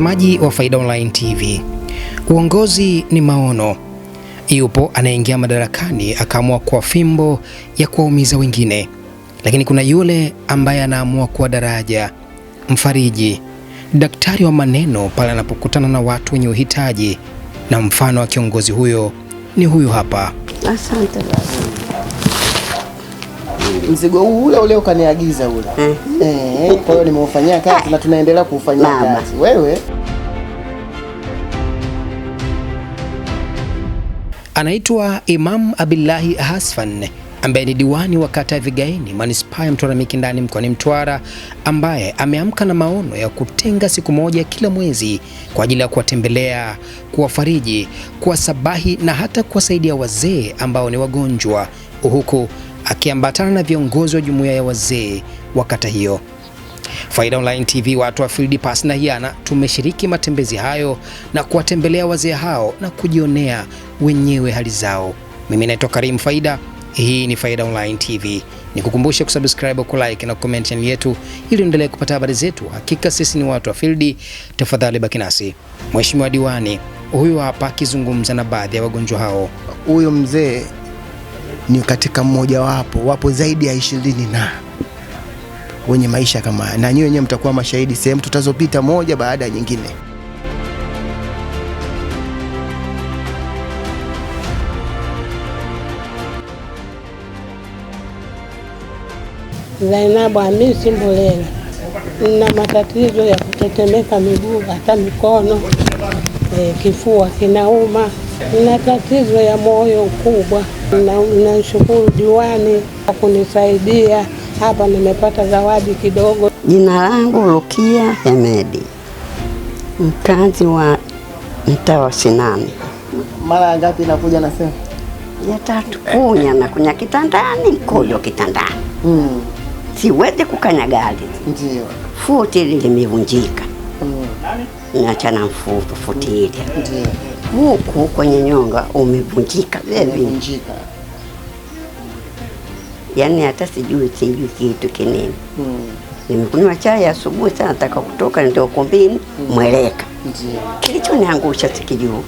Mtazamaji wa Faida Online TV, uongozi ni maono. Yupo anayeingia madarakani akaamua kwa fimbo ya kuwaumiza wengine, lakini kuna yule ambaye anaamua kuwa daraja, mfariji, daktari wa maneno pale anapokutana na watu wenye uhitaji, na mfano wa kiongozi huyo ni huyu hapa. Asante baba mzigo huu ule ule ukaniagiza ule eh. Eh, kwa hiyo nimeufanyia kazi na tunaendelea kuufanyia kazi wewe. Anaitwa Imam abdullahi Hasfan ambaye ni diwani wa kata ya vigaini manispaa ya Mtwara Mikindani mkoani Mtwara, ambaye ameamka na maono ya kutenga siku moja kila mwezi kwa ajili ya kuwatembelea, kuwafariji, kuwasabahi na hata kuwasaidia wazee ambao ni wagonjwa, huku akiambatana na viongozi wa jumuiya ya wazee wa kata hiyo. Faida Online TV watu wa Field Pass na Hiana tumeshiriki matembezi hayo na kuwatembelea wazee hao na kujionea wenyewe hali zao. Mimi naitwa Karim Faida, hii ni Faida Online TV. Nikukumbushe kusubscribe, kulike na comment channel yetu ili uendelee kupata habari zetu. Hakika sisi ni watu wa Field, tafadhali baki nasi. Mheshimiwa Diwani huyu hapa akizungumza na baadhi ya wagonjwa hao. Huyo mzee ni katika mmojawapo, wapo zaidi ya ishirini na wenye maisha kama haya, na nyinyi wenyewe mtakuwa mashahidi sehemu tutazopita moja baada ya nyingine. Zainabu Hamisi Mbulela, nina matatizo ya kutetemeka miguu, hata mikono, e, kifua kinauma. Nina tatizo ya moyo kubwa Nashukuru diwani kwa kunisaidia hapa, nimepata zawadi kidogo. Jina langu Rukia Hemedi, mkazi wa mtaa wa Sinani. Mara ngapi nakuja? Nasema ya tatu. Kunya nakunya kitandani, mkojo kitandani mm. Siwezi kukanya gari, ndio futi limevunjika mm. Nachana mfuto futi ile huku kwenye nyonga umevunjika, umevunjika, yaani hata sijui sijui kitu kinini hmm. Nimekunywa chai asubuhi sana, nataka kutoka ndio kumbini hmm. Mweleka niangusha sikijua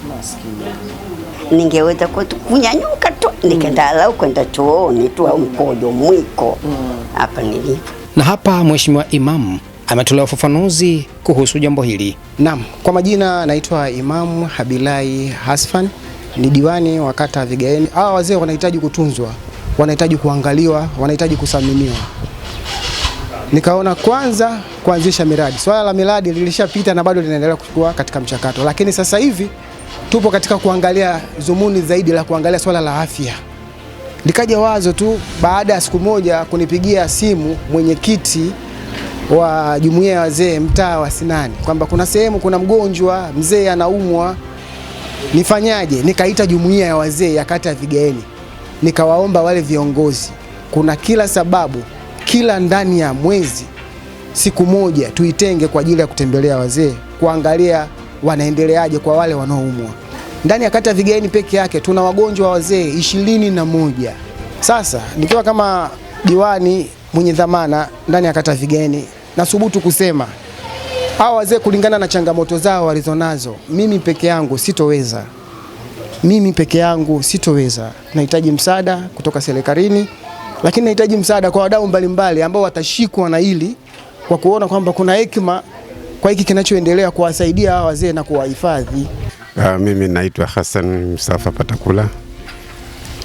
ningeweza kunyanyuka tu nikenda alau hmm. kwenda chooni tu au mkojo mwiko hmm. hapa nilipo. Na hapa Mheshimiwa Imamu ametolewa ufafanuzi kuhusu jambo hili. Naam, kwa majina naitwa Imamu Habilai Hasfan, ni diwani wa kata Vigaeni. Hawa wazee wanahitaji kutunzwa, wanahitaji kuangaliwa, wanahitaji kusaminiwa. Nikaona kwanza kuanzisha miradi. Swala la miradi lilishapita na bado linaendelea kuchukua katika mchakato, lakini sasa hivi tupo katika kuangalia zumuni zaidi la kuangalia swala la afya. Likaja wazo tu baada ya siku moja kunipigia simu mwenyekiti wa jumuiya ya wazee mtaa wa Sinani kwamba kuna sehemu kuna mgonjwa mzee anaumwa, nifanyaje? Nikaita jumuiya ya wazee ya kata ya Vigaeni, nikawaomba wale viongozi, kuna kila sababu kila ndani ya mwezi siku moja tuitenge kwa ajili ya kutembelea wazee, kuangalia wanaendeleaje kwa wale wanaoumwa. Ndani ya kata ya Vigaeni peke yake tuna wagonjwa wazee ishirini na moja. Sasa nikiwa kama diwani mwenye dhamana ndani ya kata Vigaeni nathubutu kusema hawa wazee kulingana na changamoto zao walizonazo, mimi peke yangu sitoweza, mimi peke yangu sitoweza. Nahitaji msaada kutoka serikalini, lakini nahitaji msaada kwa wadau mbalimbali ambao watashikwa na hili kwa kuona kwamba kuna hekima kwa hiki kinachoendelea kuwasaidia hawa wazee na kuwahifadhi. Uh, mimi naitwa Hassan Mustafa Patakula,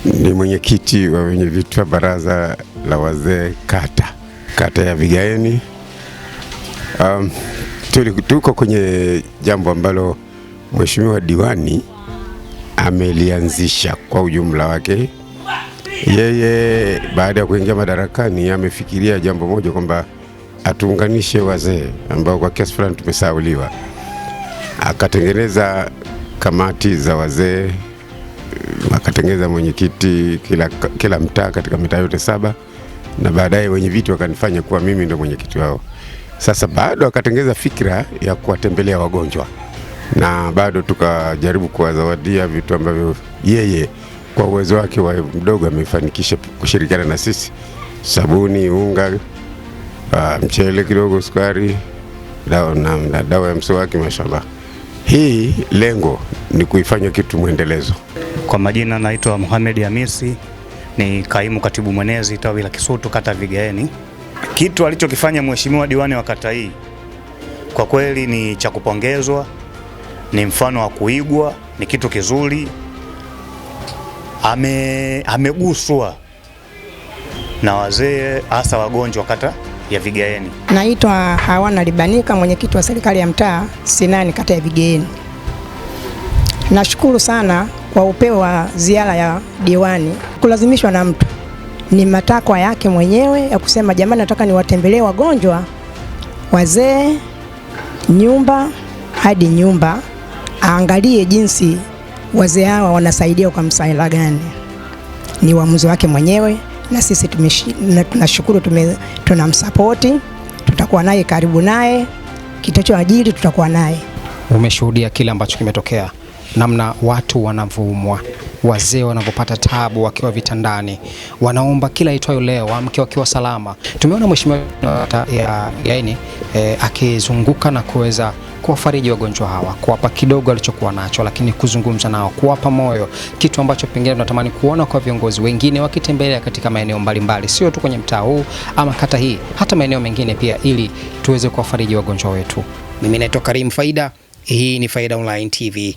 ni mwenyekiti wa wenyeviti wa baraza la wazee kata kata ya Vigaeni. Um, tuko kwenye jambo ambalo mheshimiwa diwani amelianzisha kwa ujumla wake. Yeye baada ya kuingia madarakani amefikiria jambo moja kwamba atuunganishe wazee ambao kwa kiasi fulani tumesahauliwa. Akatengeneza kamati za wazee, akatengeneza mwenyekiti kila, kila mtaa katika mitaa yote saba, na baadaye wenye viti wakanifanya kuwa mimi ndo mwenyekiti wao. Sasa bado akatengeza fikra ya kuwatembelea wagonjwa na bado tukajaribu kuwazawadia vitu ambavyo yeye kwa uwezo wake wa mdogo amefanikisha kushirikiana na sisi: sabuni, unga, ah, mchele kidogo, sukari dawa, na, na dawa ya mswaki. Mashallah, hii lengo ni kuifanya kitu mwendelezo. Kwa majina naitwa Mohamed Hamisi, ni kaimu katibu mwenezi tawi la Kisutu kata Vigaeni. Kitu alichokifanya mheshimiwa diwani wa kata hii kwa kweli ni cha kupongezwa, ni mfano wa kuigwa, ni kitu kizuri. Ame, ameguswa na wazee hasa wagonjwa kata ya Vigaeni. Naitwa Hawana Libanika, mwenyekiti wa serikali ya mtaa Sinani, kata ya Vigaeni. Nashukuru sana kwa upeo wa ziara ya diwani, kulazimishwa na mtu ni matakwa yake mwenyewe ya kusema jamani, nataka niwatembelee wagonjwa, wazee, nyumba hadi nyumba, aangalie jinsi wazee hawa wanasaidia kwa msaada gani. Ni uamuzi wake mwenyewe, na sisi tunashukuru, tunamsapoti, tutakuwa naye karibu naye, kitachoajiri tutakuwa naye. Umeshuhudia kile ambacho kimetokea namna watu wanavyoumwa, wazee wanavyopata tabu wakiwa vitandani, wanaomba kila itwayo leo waamke wakiwa salama. Tumeona mheshimiwa ya yaani e, akizunguka na kuweza kuwafariji wagonjwa hawa, kuwapa kidogo alichokuwa nacho, lakini kuzungumza nao, kuwapa moyo, kitu ambacho pengine tunatamani kuona kwa viongozi wengine wakitembelea katika maeneo mbalimbali, sio tu kwenye mtaa huu ama kata hii, hata maeneo mengine pia, ili tuweze kuwafariji wagonjwa wetu. Mimi naitwa Karim Faida, hii ni Faida Online TV.